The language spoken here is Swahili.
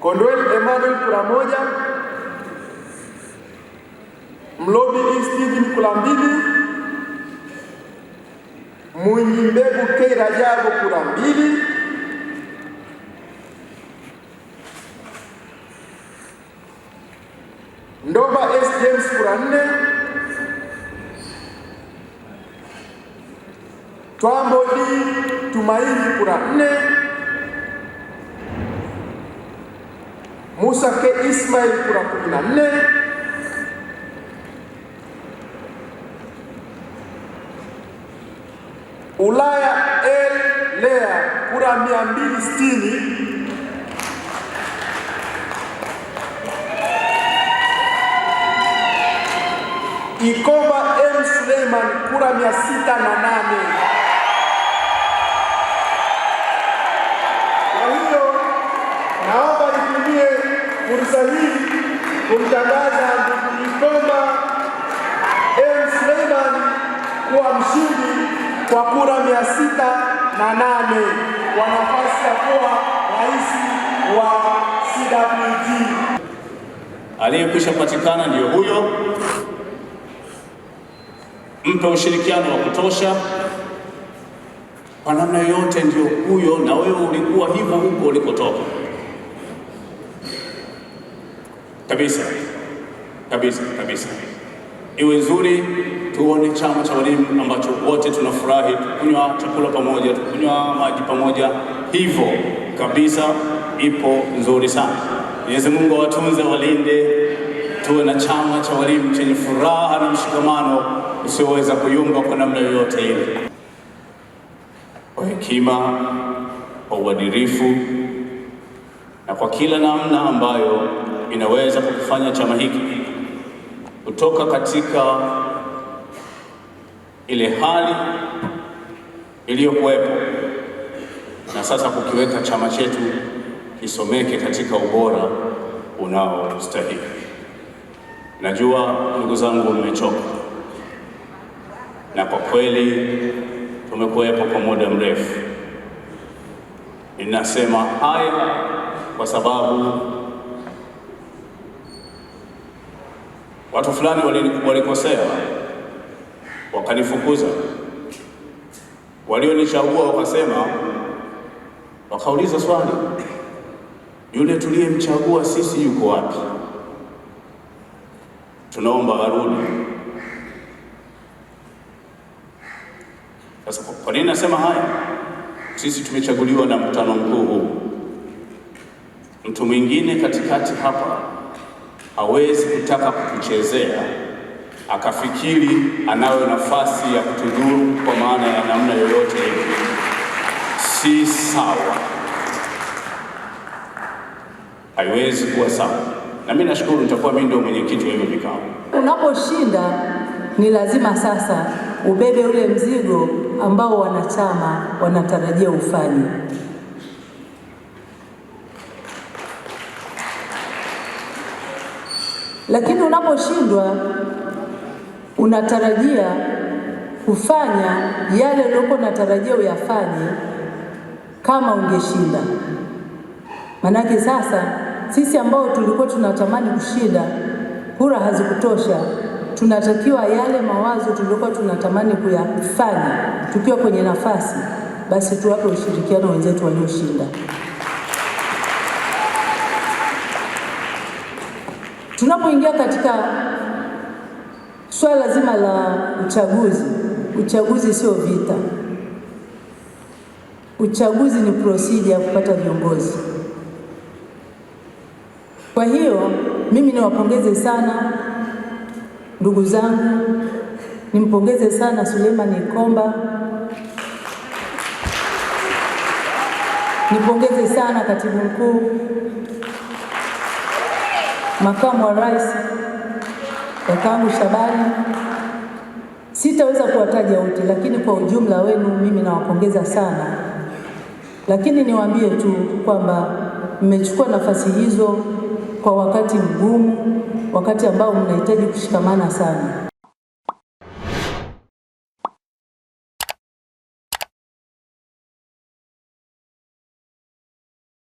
Kondweli Emmanuel kula moja, Mlobi Istijini kula mbili, Mwinyi Mbegu K Rajabu kula mbili, Ndoba S James kula nne, Twambo D Tumaini kula nne Musa ke Ismail kura kumi na nne Ulaya L. Lea kura mia mbili sitini el M. Suleiman kura mia sita na nane fursa hii kumtangaza ndugu Lipemba M Suleiman kuwa mshindi kwa kura mia sita na nane kwa nafasi ya kuwa rais wa CWT. Aliyekwisha patikana ndiyo huyo, mpe ushirikiano wa kutosha kwa namna yoyote, ndio huyo. Na wewe ulikuwa hivyo huko ulikotoka. kabisa kabisa kabisa, iwe nzuri. Tuone chama cha walimu ambacho wote tunafurahi, tukunywa chakula pamoja, tukunywa maji pamoja, hivyo kabisa. Ipo nzuri sana. Mwenyezi Mungu awatunze, walinde, tuwe na chama cha walimu chenye furaha na mshikamano usioweza kuyumba kwa namna yoyote ile, kwa hekima, kwa uadilifu na kwa kila namna ambayo inaweza kukifanya chama hiki kutoka katika ile hali iliyokuwepo na sasa kukiweka chama chetu kisomeke katika ubora unaostahili. Najua ndugu zangu, mmechoka na kwa kweli tumekuwepo kwa muda mrefu. Ninasema haya kwa sababu watu fulani walikosea, wakanifukuza. Walionichagua wakasema, wakauliza swali, yule tuliyemchagua sisi yuko wapi? Tunaomba arudi. Sasa kwa nini nasema haya? Sisi tumechaguliwa na mkutano mkuu huu, mtu mwingine katikati hapa hawezi kutaka kukuchezea akafikiri anayo nafasi ya kutudhuru kwa maana ya namna yoyote hivi. Si sawa, haiwezi kuwa sawa. Na mimi nashukuru nitakuwa mimi ndio mwenyekiti wa hivyo vikao. Unaposhinda ni lazima sasa ubebe ule mzigo ambao wanachama wanatarajia ufanye. Lakini unaposhindwa unatarajia kufanya yale uliokuwa unatarajia uyafanye kama ungeshinda. Manake sasa sisi ambao tulikuwa tunatamani kushinda, kura hazikutosha, tunatakiwa yale mawazo tuliokuwa tunatamani kuyafanya tukiwa kwenye nafasi, basi tuwape ushirikiano wenzetu walioshinda. Tunapoingia katika swala zima la uchaguzi, uchaguzi sio vita. Uchaguzi ni procedure ya kupata viongozi. Kwa hiyo mimi niwapongeze sana ndugu zangu, nimpongeze sana Suleiman Ikomba, nipongeze sana katibu mkuu Makamu wa Rais kakangu Shabani, sitaweza kuwataja wote, lakini kwa ujumla wenu mimi nawapongeza sana, lakini niwaambie tu kwamba mmechukua nafasi hizo kwa wakati mgumu, wakati ambao mnahitaji kushikamana sana.